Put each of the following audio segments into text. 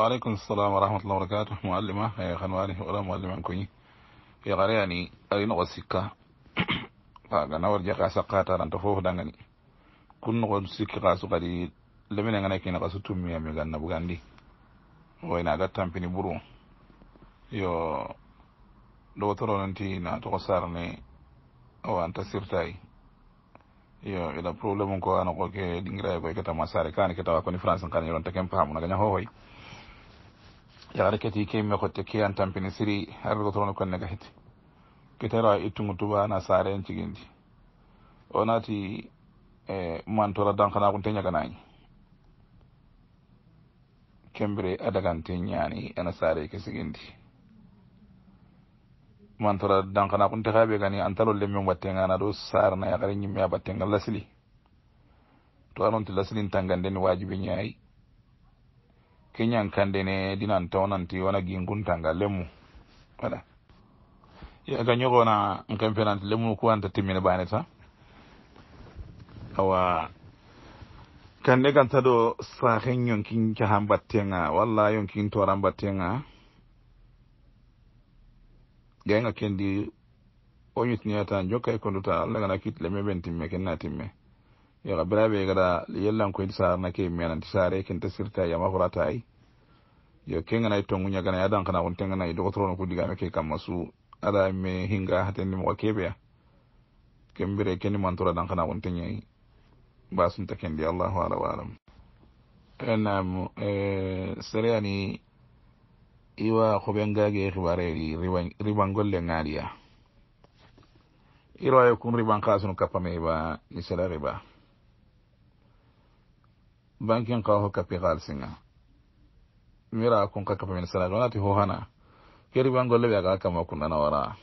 waaleykum salam warahmatullah wabarakatu mualima xanwaani e wala mualiman koñi i xareyani ayinoxo sikka waaga nawar jeqe a saqaataranta foof dangani kun noxon sikki xa su xadi leminengana kina xa su tummiyami e ganna bugandi woy naaga tampini buru yo ɗowotoronanti na toxo sarne owanta sirtay yo ila probléme ko anoxo ke ɗingiraye koy ke tama sare kaani ke tawa koni france nkane yoronta kem paamu nagaña xooxoy yarare kati kemme ko tekke an tampini siri arde toono konne gahete kitera ittugu e tuba na saare en ciguindi o naati e mantora dankanaku teñaganañi kembre adaganteñani ena saare ke siguindi mantora dankanaku tehaɓe gani antalol lemmen wattengana ɗo saarana yakare ñimme a battengal lasili to aronti lasilin tangandeni wajibe ñayi kenyan kande ne dinan taunanti wani gingunta ga lemu wada ya ganyo gona nkan finanti lemu kuwa ta timmin bane ta awa kande kan ta do sahen yankin ki hambatten a walla yankin toran batten a ganga kendi onyu tiniyata njokai konduta allah gana kitle mebe timme kenna timme yaga birabe gada yellan ko yidi sarna ke menan tisare ken tasirta yama hurata ai yo keganayi tongu ñaganayi adan xana xun teganayi dogotorono kudigame ke kamma su ada me hinga hatendi moxo keɓeya ken mbire keni mantora dan xana xun teñayi mbasunta kendi allahu ala walam enam e, sereyani iwa xoɓengage xibareri riban golle ngaliya irawayo kun riban xa sunu kappame iba ni sera riba banken xa ho kappi xaalisinga mira kun ka kafa minisana ga wani hana kiri ban gole ga aka ma kuna na wara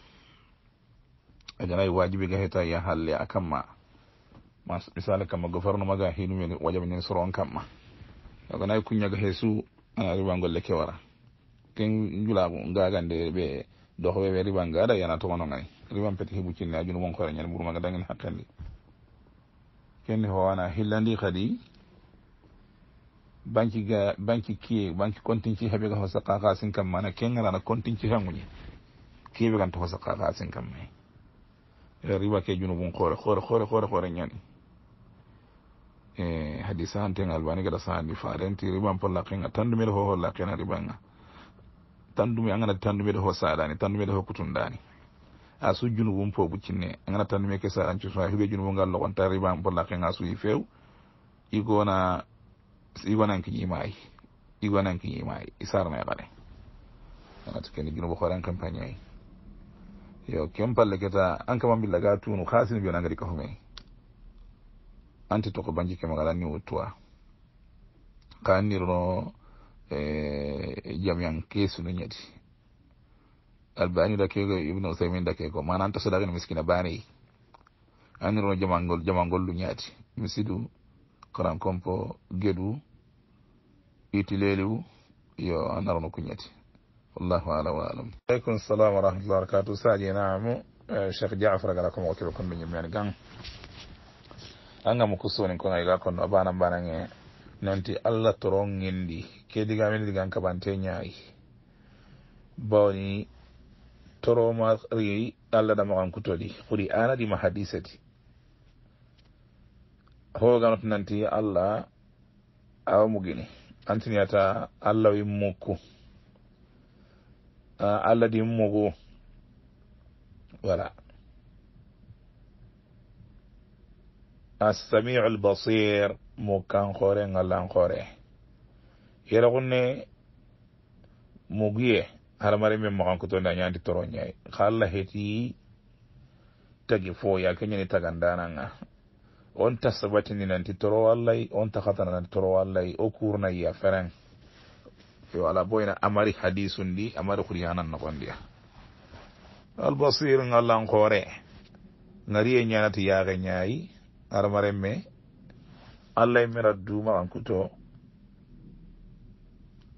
a janayi wajibi ga hita ya halli a kan ma masu misali kama gofarnu ma ga hinu wajen minin suru an kan ma daga na yi kunya ga hesu ana riban gole ke wara kin jula ga ga da be da hobe be riban ga da yana to wani ngai riban fita hibu kin ne a jini mun kwarin yan buru ma ga dangin hakan ne kin ne hawa na hillandi kadi banki ga banki kie banki continci heɓe ga hosa kakasin kam mana kegarana continci hanguñi kiɓe ganta hosa kakasin kam ma riwa ke junubun koore koore koore koore koore ñani e hadi sahanten albani gada sahani farenti riban pol laqenga tandumeɗe ho ho laqena ribanga tandumi anganati tandumeɗe ho saɗani tandumeɗe ho kutundani a su junubun po ɓuccinne angana tandumeke saɗan cuso huɓe junubu ngal loqonta riban pol laqenga suyi few igona igonankiñimayi igonankiñimayi isarmay xane anati keni ginubo xoore an campagne eh. ay yo ken palle keta an kama mbilla ga tunu xasini biyo nangadi kafume anti toko banji ke magala ni wuttuwa ka nirno eh, jamiyan kesunu ñadi albani da ke ibnu usaymin da ke ko mana miskina bani anirno jamangol jamangol lu ñaati misidu kalan konko geɗu itileliu yo anarno kuñati wallahu ala wa alam aleykum salam wa rahmatullah barakatu sadie namu eh, cheikh diafar gala komo kiɓe kon miñum men gang angam ko soni kon ay ga konno bana banange nanti allah toron gendi kediganmendi gan kabante ñaayi bawni toroma ri allah damakan kutoli kuri anadima hadisati hoganoto nanti allah awamu gini antiniyata allah wimmuku ah, allah dimmugu wala assamiu albasir mukan hore ngallan hore yera kunne mugiye haramari men mokankutonda ñandi toroñayi ka allah heti tagi fo ya kenñani tagandananga on tasa watininanti toro allay on takatananti toro allay o kurnayya feren yo ala boyna amari hadisun ndi amari kuryanan nogondiya albasir ngallankore ngariye ñanati yaake ñayi armaren me allay e mera dumarankuto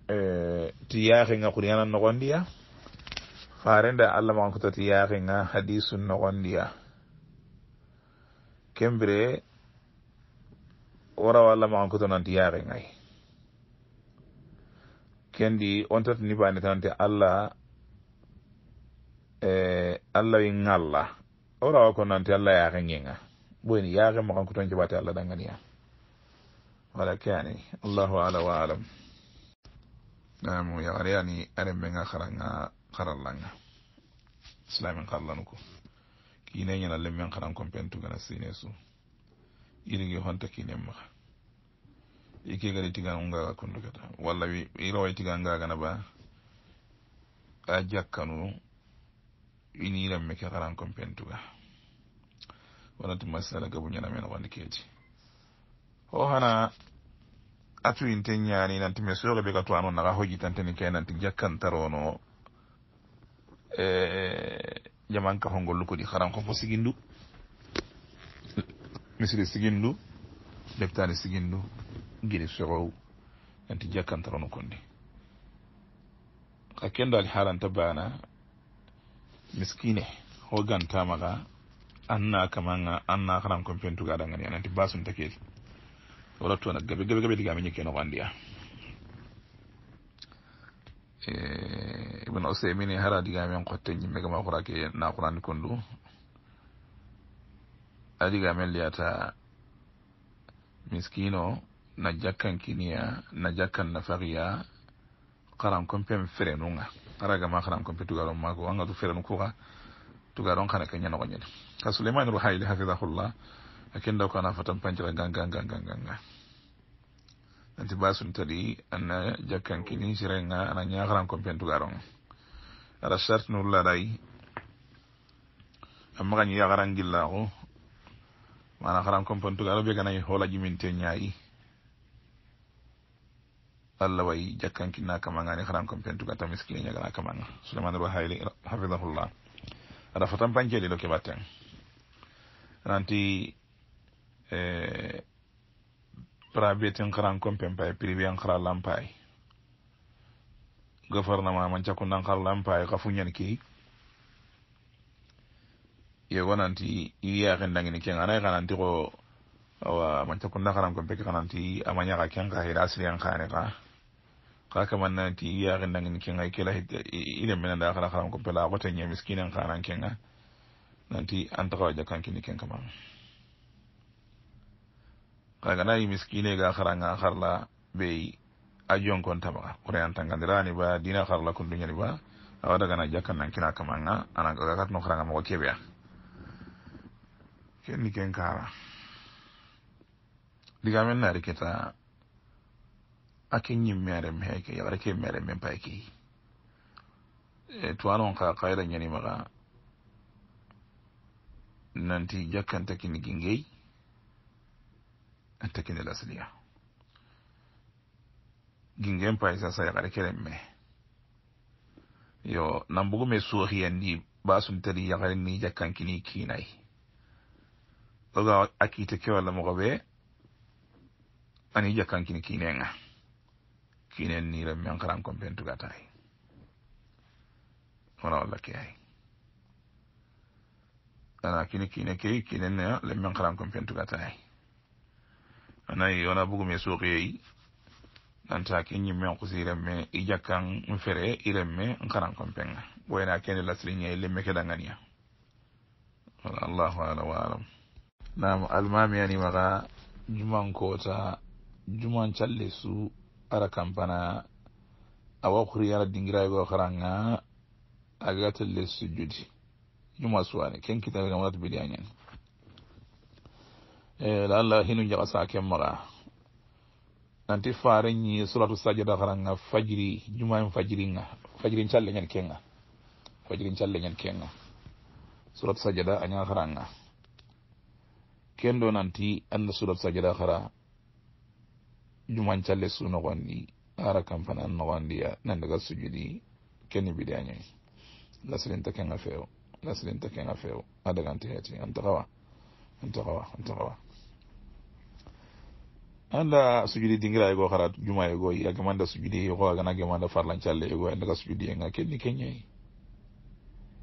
e, ti yaakinga kuryanan nogondiya farenda allah magankuto ti yaakinga hadisun nogondiya kembire worawo allah ma on kotonanti yaare ngay kendi on tata nibaani tanante allah e, allah wi ngalla worawo ko nante allah yaare ngenga ɓoyni yaare ma kankoton keɓate allah ɗanganiya wala kani allahu ala wa alam namu yawareyani aren ɓenga karanga karallanga islamin karallanuko kiineñana lemmen karan kompentugana sine su iringi honta kinem maxa ike gari tiga unga ungaga kundu kata walla wai tiga unga ngagana ba a jakkanu ini ira karan ke ga compentuga wonati masala gabu ñanamen wani keeti ho hana atu inte ñaani nanti me sooxe ɓe ga tuwano naxa hojitanteni ke nanti jakkantarono eh, eh, jaman kahongol lukudi xaran xo fo sigindu misri siginndu leptaani siginndu gili fewow nanti jakkantarono konndi ka kenndaali haalanta baana miskine ho gantamaga annaa kamaga annaa haran kon pentugaadangani ananti basuntakeeti wala tuna gabe gabe gabe digaami ñikke no anndi a eh, ibne osemini hara digaamen qotte ñimmegamaxuraake naaxurandi kon du adiga men miskino na jakkan kiniya na jakkan karam kompen ferenunga araga ma karam kompe tugaron mago anga tu ferenu kuga tugaron kana kenya no nyede ka suleiman ruhaili hafizahullah daw kana fatan panjira ganga ganga ganga nanti basun tadi anna jakkan kini sirenga ananya karam kompen tugaron ara shart nulla dai amma kan ya garangilla ko mana haran kompantuga aɗa ɓe ganayi hoolaji min te ñaayi allah wayi jakkankinna kamanga ni haran kompentuga ta miskile ñagana kamanga souleymane li hayli hafidahullah aɗa fotan panceɗi ɗo batang, nanti eh, prabetin haran kompen pay privé an hara lampay gouvernement man cakkundan har lampay ka ñen yego nanti i yaxen dangini ken anai xananti xo awa mancakunda xanan kompeke xananti amañaxa ken xa heda siriyan xane xa xa kaman nanti kan i yaxen dangini kenga i kela i lemmenanda xana xanan kompela a xote ñe miskinen xanan kenga nanti antaxawa jakkankini ken kamam xaganayi miskine ga xaranga xarla bei a jonkontamaxa xureyantangandirani ba dina xarla kunduñani ba awa dagana jakkan nankina kamanga anagakatno xaranga moxo keɓeya kenni ken kara diga men nari keta ake yin mere mai ke yawar ke mere mai ba ke e, tuwa nan kaka kai dan yani maga nan ti jakan ta kini gingai ta kini lasliya gingen pa isa sa yakare kere me yo nan bugu me suhi yandi ba sun tari yakare ni jakan kini kinai oga akiite kewallamoko ɓe ani ija kankini kiinenga kiinen nira miankarankon pentugatay wona walla ke ay ana kini kiine key kiinene le miankarankon pentugatay anayi wona bugume suuqiyeyi nanta kinñi men kusiremme ijakkan fere iremme nkaran kompenga wayna kende lasiriñayi lemme kedanganiya wala allahu ala wa alam nam almamiyanimaga juman kota juman callesu ara kampana awa kuri ara dingirayigo karanga agatelle sujudi juma suwane kenkitaigamata biliañan e, lalla hinu jakasa ken maga nanti fare ñi solatu sajada karanga fajiri jumam fajiriga fajirin calleñan kenga fajirin calleñan kenga solatu sajada aña karanga kendo nanti anna surat sajada khara juman challe su no gondi ara kam fana no gondi ya nan daga sujudi kenni bi dañe la sirin ta kenga feo la sirin ta kenga feo adaga anti heti anta gawa anta gawa anta gawa anda sujudi dingira ego khara juma ego ya gamanda sujudi ego agana gamanda farlan challe ego anda ga sujudi nga kenni kenye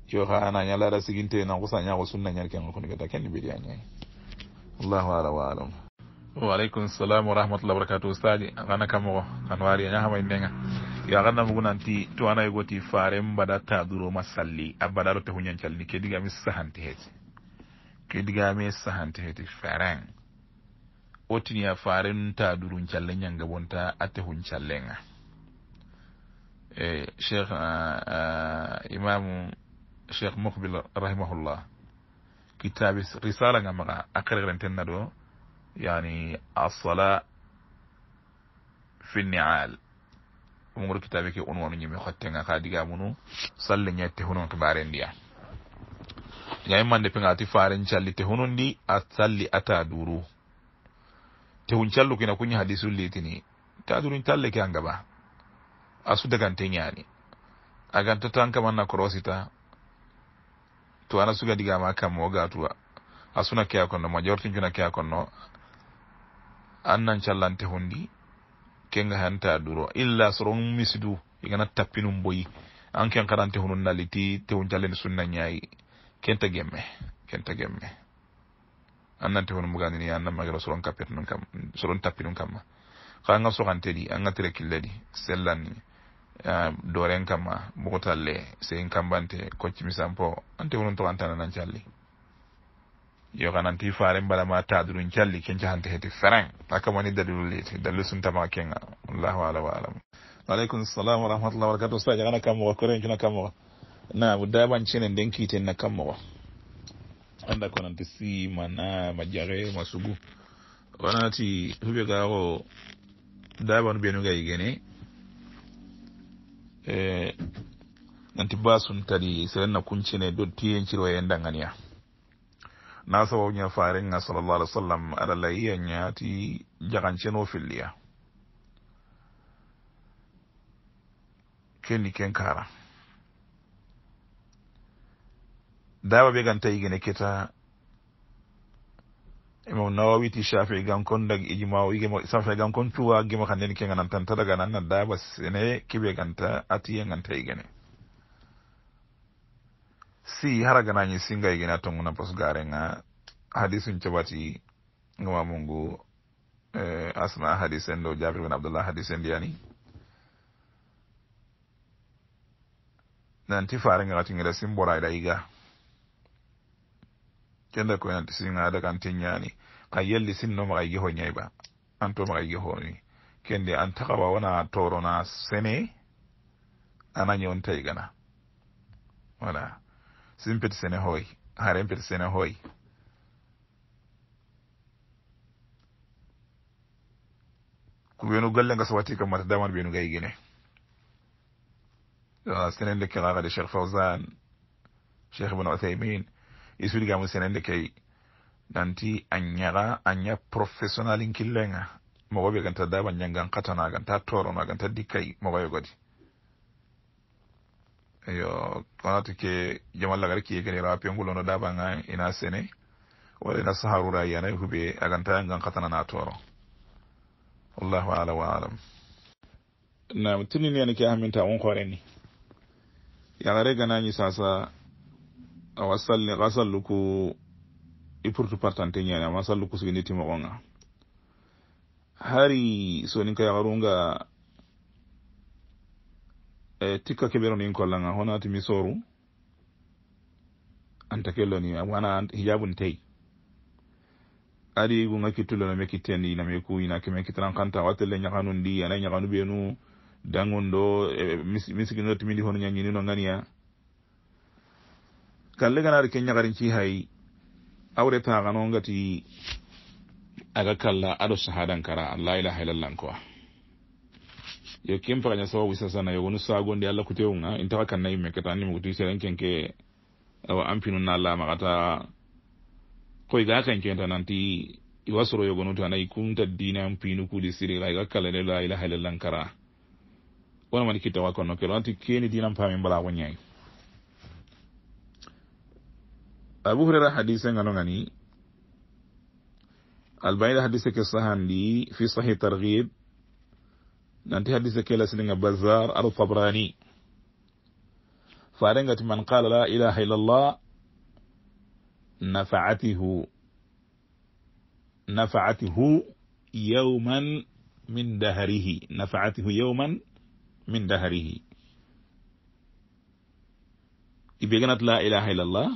yo xa ana ñalara siginte na xusa ñaxo sunna ñar kenga xunigata kenni bidi a ñay allahu ala wa alam waaleykum salam warahmatullah wabarakatu ustadi agana kam oo an waari a ñahama indega yo aganna mugunanti to anayi e goti faare mbaɗa taduroma salli a mbaɗalo te huñancalni kedigami sahanti heeti kedigami sahanti heeti ferin wotiniya faare num taduru calle ñanga bonta ate hun callenga e eh, cheikh ah, ah, imamu cheikh mokbil rahimahullah kitabe risala nga maga a kerekeren ten na do yani asala fi nial umogoto kitabe ke on wanu ñimi xottenga ka diga munu salle ñette hunon ke baren ndiya ñami mande penga ti faren calli te hunon ndi a salli ata duru tehun callu kina kuñi hadisu litini ta duru talle ke a ngaba a sudagante ñani a ganta tan kamanna korosita to ana suga digama kammo o gatuwa a suna keyakonno ma jortincuna keyakonno an nan callante hundi kenga hanta duro illa soron misidu igana tappinum boyi an ken karante hunu naliti tewun callene sunna ñayi kenta gemme kenta gemme an nante hunu mugandini an nan magira soron kappetnun kam soron tappinum kamma ka anga soxante di anga tire killa di sellanni doren kamma bogotalle sein kambante koccimi sampo ante wonon tog antanan calli yo kananti fare mbalama taadurun calli kencahante heti ferin akamani dalilu liti dalilu suntamaa kenga wallahu ala wa alam waaleykum salam warahmatullah wabarakatu sa jagana kammoxo korencuna kammoxo na daɓancene nden kiitenna kammoxo anda ko nanti si mana ma jaxe ma sugu wanati fuɓegaxo daɓanu ɓenugayigene E, nanti basum tadi serenna kuncine do tiyencirwa yendanganiya e na sababu ya farenga salallah alih w sallam ala layiyanya ti jaganceno filliya keni ken kara daba be ganta yigene keta imo nawawiti chafii gankon dag ijimawoige safee gankon cuwa gima kan ndeni kegananta tadaganana dabas ene kiɓe ganta atiye ganta igene si haraganañi singa igene a tonguna pos gare nga hadisun coɓati ngama mungu eh, asma hadis en ɗo jafir ben abdoullah hadis en ndiyani nanti faare ngaxatingeda simboraida iga kende ko yanti siŋaade kan tiññaani ka yelli sinno makay giho ñayba anto makay gihoni kendi an takawa wona torona sene anañon tay gana voilà simpet sene hoy harempet sene hoy ku wenu galle nga sawati kam mata daman wenu gay gene sene nde kiraade cheikh fawzan cheikh ibne uthaymine isurigamu senende kei nanti anyara anya professional ɲa professionnalin killen ga ganta daba ɲangan katana ganta toro na ganta dikkai mogo ye godi yo konati ke jamal lagari kiye kene rawa pengulono daba nga ina sene wala ina saharura yanai hube a ganta ɲangan katana na toro wallahu ala wa alam na nam tinini yani ke haminta won koreni yagare ganañi sasa awa salli xa sallu ku i pourtu partante ñani ama sallu ku sigindi timoxonga hari soninka yaxarunga e eh, tikka keɓeronin kollanga honatimi soru anta kelloni wana hijabu tey adi gunga kittulo name kittendi iname ku ina keme kitaran kanta wattelle ñaxanundi ana ñaxanu ɓenu dangun ɗo eh, misigino timindi hono ñañinino ganiya kalle ganaari ke ñagarinci hay awre paxano ngati aga kalla ado sahadankara an la ilaha illallankowa yo kem pexaña sababu sasana yogonu sagondi allah kuteunga intaxa kanna yimme keta nimu kutu seren kenke awa ampinu na lamaxata koy ga kenkenta nanti iwa soro yogonutu anayi kunta dina ampinu kudi siri la iga kalla ne la ilaha illallankara wonamani kitawa konno kelo anti keni dinan paamin mbala ko ñayi abu hurairah hadise ngano ngani albayda hadise ke sahandi fi sahih targhib nanti hadise ke lasilinga bazar al tabrani farengati man qala la ilaha illallah nafa'atihu nafa'atihu yawman min dahrihi nafa'atihu yawman min dahrihi ibeganat la ilaha illallah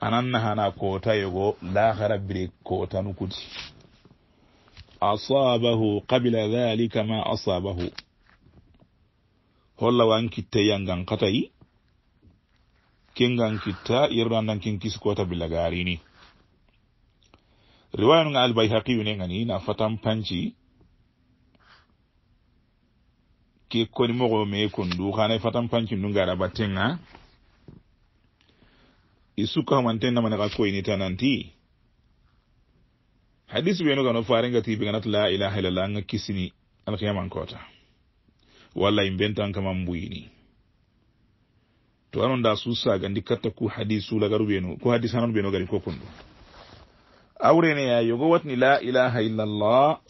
ananna hana koota yogo lahara biri kootanukuti asabahu qabila dhalika ma asabahu holla wan kitta yangan katayi kingan kitta yirrandan kin kisi koota billa garini riwaya nunga albayhaqi yunengani na fatan panci ke koni mogo me kundu hanay fatan panci nunga rabatenga i sukka xamante na manaxa koyinita nanti hadis ɓenu gano farengati ɓe ganat la ilaha illa la nga kisini alxiyamankota walla i mbentan kaman buyini to anon da susa gandi katta ku hadisulagaru ɓenu ku hadis anon ɓenu gari kokundu awreneya yogo watni la ilaha illa llah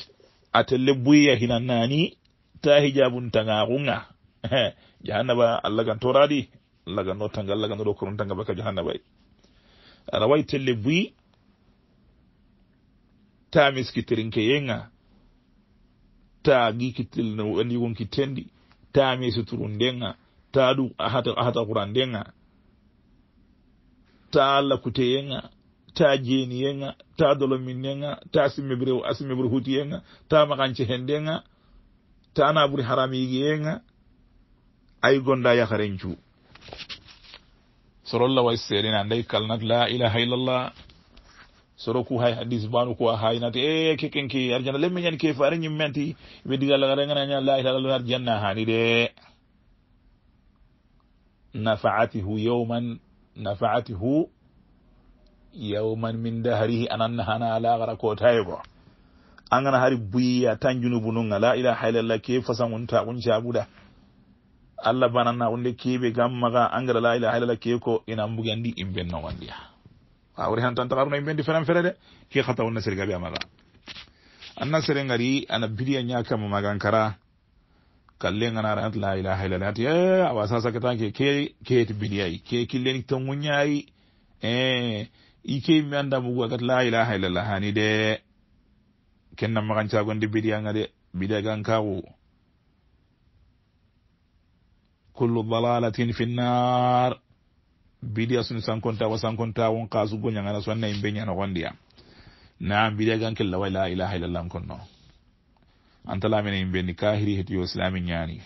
atelle buyya hinan nani ta hijabuntanga xunga jahannaba allah gantoradi lagano tanga lagano ɗo ko ɗum tanga bakaji hanna bay aɗa wawi telle buyi ta miskitirinke yenga ta gikitel andigonki tendi ta misituru ndenga ta ɗum ahata kura ndenga ta lakute yenga ta jeni yenga ta dolomin yenga ta simmebre asimmebre huti yenga ta makance he ndenga ta naɓuri haram yigi yenga ay gonda yakarencuu soro lawai seeɗen anday kalnat la ilaha illallah soro ku hay hadis banu ko haynati e eh, kekenke arjana lemmeñani ke fa areñimmenti weddigallaaregana la ilaha illallah arjanna hani de nafaatihu yawman nafaatihu yawman min dahrihi ananna hana lagara kotayego angana hari buyiya tan junubu nunga la ilaha illallah ke fasa gunta gun cabuda allah bananna unde keeɓe gam maga engrais la ilaha ilallah ke ko ina mbugi andi imbennomandiya awori han tan takaruno imbendi feran ferede ke hata wonna sere gaɓe maga anna sere gari ana biriya ñakama magan kara kalle ganara ant la ilaha ilallah ati eh, awa sasaketake ke keeti biliyayi ke killeni tonguñayi e eh, i keemi anda mugu agati la ilaha ilallah hani de kennamagan cagonde biriyaga de biriya gan kawu kullu dalalatin fi nnar bidiya suni sankonta wa sankonta won kasu goñangana sonna yimɓe ñanogondiya naam bidiya gankilla wa la ilaha illallah m konno antalamina yimɓe ni kahiri hetiyo silami ñaani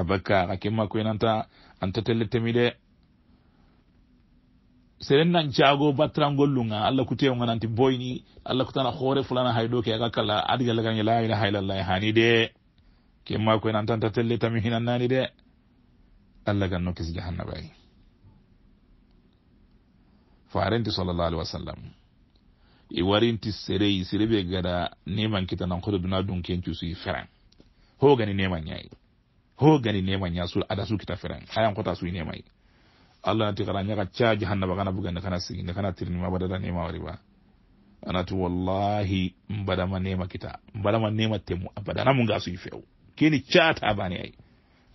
abakka a kimma koy nanta anta telle temide seren nan caago battirangollunga allah kutewoga nanti boyni allah kutana hoore fulana hayɗo ke aga kala adigallagaña la ilaha illallah hani de kemmako en antanta telle tami hinannani de allah gan nokkis jahannabayi farenti sallllah alih wa sallam i e warinti sereyi serebe gada neman kita nankoto duna dun kencusuyi feran ho gani neman ñayi ho gani neman ña su ada su kita feran hayankota suyi nemayi allah nati kara ñaka ca jahannaba kana bugande kana siginde kana tirini ma badada nemawari ba anati wallahi mbadama nema kita mbadama nema temu abadanamunga suyi few keni caata bani ay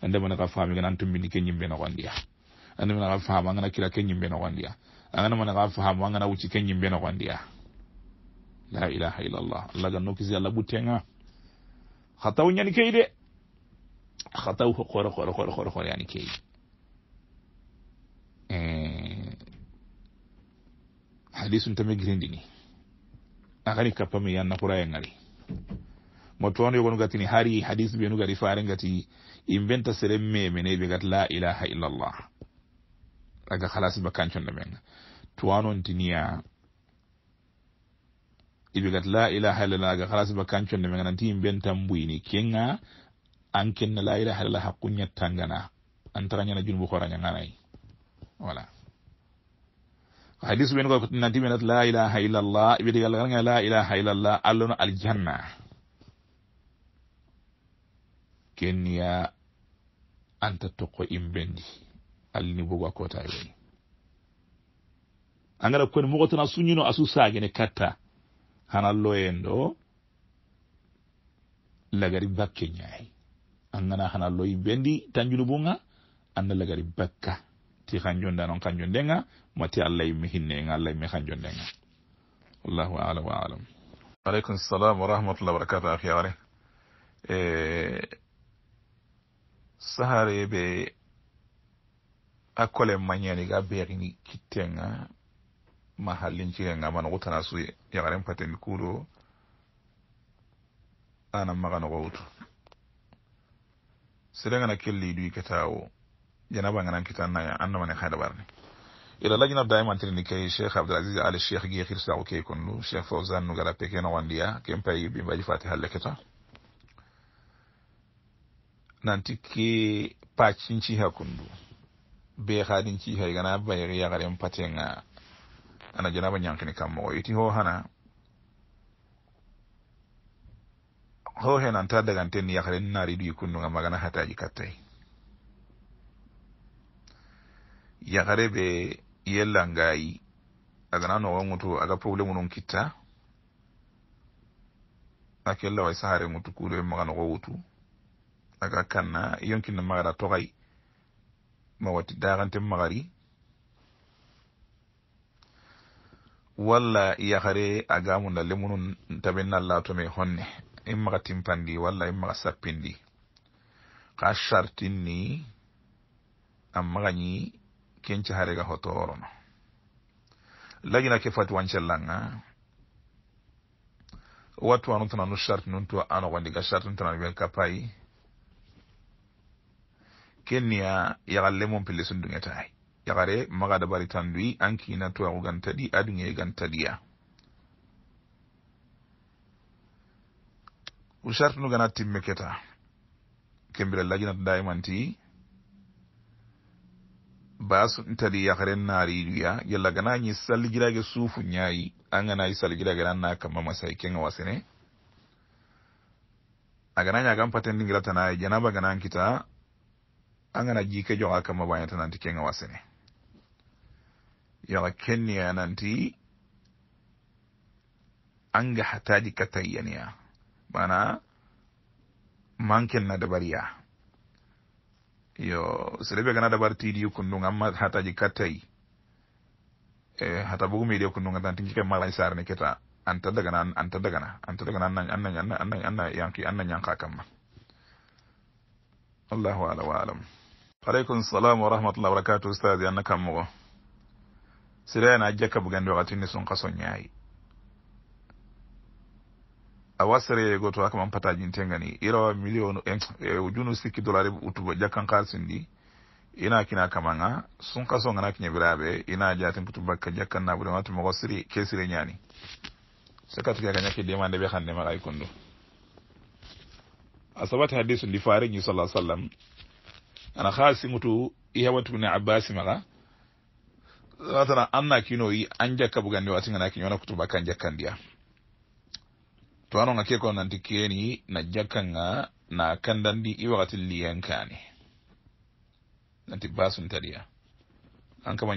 ande mona ka fami gan antum bindi ken yimbe no gondiya ande mona ka fami gan akira ken yimbe no gondiya ande mona ka fami gan awuci ken yimbe no gondiya la ilaha illallah allah gan nokisi allah butenga khataw nyani keede khataw ko khoro khoro khoro khoro khoro yani keede eh hadisun tamegrindini akani kapami yanna kuraya ngari mo toon yogon gatini hari hadis mbiyanu gati faare gati imbenta sere memene ɓe gati la ilaha illallah aga halasi ba kancunɗo men towanontiniya iɓe gati la ilaha illallah aga halasi ba kancunɗo men nanti imbentan mbuyini kenga an kenna la ilaha illallah hakku ñattangana an taxañana junubu xorañaganayi voilà hadis ɓenugo nanti ɓenat la ilaha illallah ɓe digalagalga la ilaha illallah allahno aljanna kenniya anta tokko imbendi allini bogo a kota weni angara koni mogotana suñino asu sagene katta hana loyen ɗo lagari bakke ñayi angana hana loyi bendi tanjunu bunga anda lagari bakka ti xanjonda non xanjondenga mati allah yimme hinnenga allah yimme xanjondenga wallahu alam wa alam aleykum salam warahmatullah wabarakatu axiyaware sahare ɓe hakkole mañani ga beeini kittenga ma hallincikenga mana wutana su yakaren patendi kuuɗo anan maganogo wutu serenga na kelli ɗuy keta o janaba ngana kita naya annamane haydabarni ila lajina daimantirini kay cheikh abdoulasis ali cheikh gekir sago key kondu cheikh fausan nugala peke nogondiya kempayi ɓimbaji fati halle keta nanti ke pacin ha kundu be hadinci ha gana bayri ya garem patenga ana jana ban yankini kam mo yiti ho hana ho he nan ta daga ten ya garen nari du kundu ga magana hataji kattai ya gare be agana no nano mutu aga problemu non kitta akella wa sahare mutu kudo magana go wutu aga kanna uh, yonkinna magara toxay ma wati daxante maxari walla yaxare agamunda lemunu tabe nallatome honne i maxa timpandi walla i maxa sappindi xa sartin ni a maxañi kence harega hotorono lagina ke fati wancellanga wattuwanu tananu sartinuntu anoxondiga sartinu tananu wen kapayi kenniya yagalle mon pelle sundugetaay yagare magada bari tanduyi ankina towaku gantadi aduŋe gantadiya usartunu gana timme keta kembira lajinata daymanti basuntadi yagare naariduya yalla ganañi salligirage suufu ñayi anganayi salligirage nanna kamma masayi kenga wasene aganañi agan patendingiratanayi janaba ganankita angana jike jonga kama wanyata nanti kenga wasene yaga kenya nanti anga hataji katayaniya mana manken na dabariya yo serebe gana dabar tidi kundunga amma hataji katai eh, hata bugu media kundunga tanti kike malai sarne kita anta nan anta dagana anta nan nan nan nan nan yanki annan yanka ma Allahu ala wa alam aleykum salam warahmatullah wabarakatu ustadi anna kammugo sirayana a jakka bugandi wakatinni sun kaso ñaayi a wasareyego to akaman patajintengani irawa million eh, eh, junu sikki dollari utubo jakkan kalisindi ina kina kamanga sun kaso ngana kiña biraɓe ina jatin putu bakka jakkan naɓure wati mogo siri ke sire ñani sakatike ka ñakki demande ɓe xannde maxay kundu a sabati hadisu ndi fa reñi sallah sallam ana khasi mutu iya hawantumine abbasi abbas mala an anna kino yi anja jakka bugandi wati ngana kinyona kutuba kanja kandia to anon ake ko nan tikeni na jakkanga na kandandi i wakati liyankani nanti basun tadiya an kama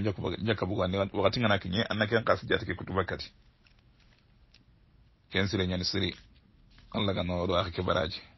jakka bugandi wakati ngana kinye anna na kiyan kasi jatake kutuba kati ken sire nyani siri Allah ga no do akike baraji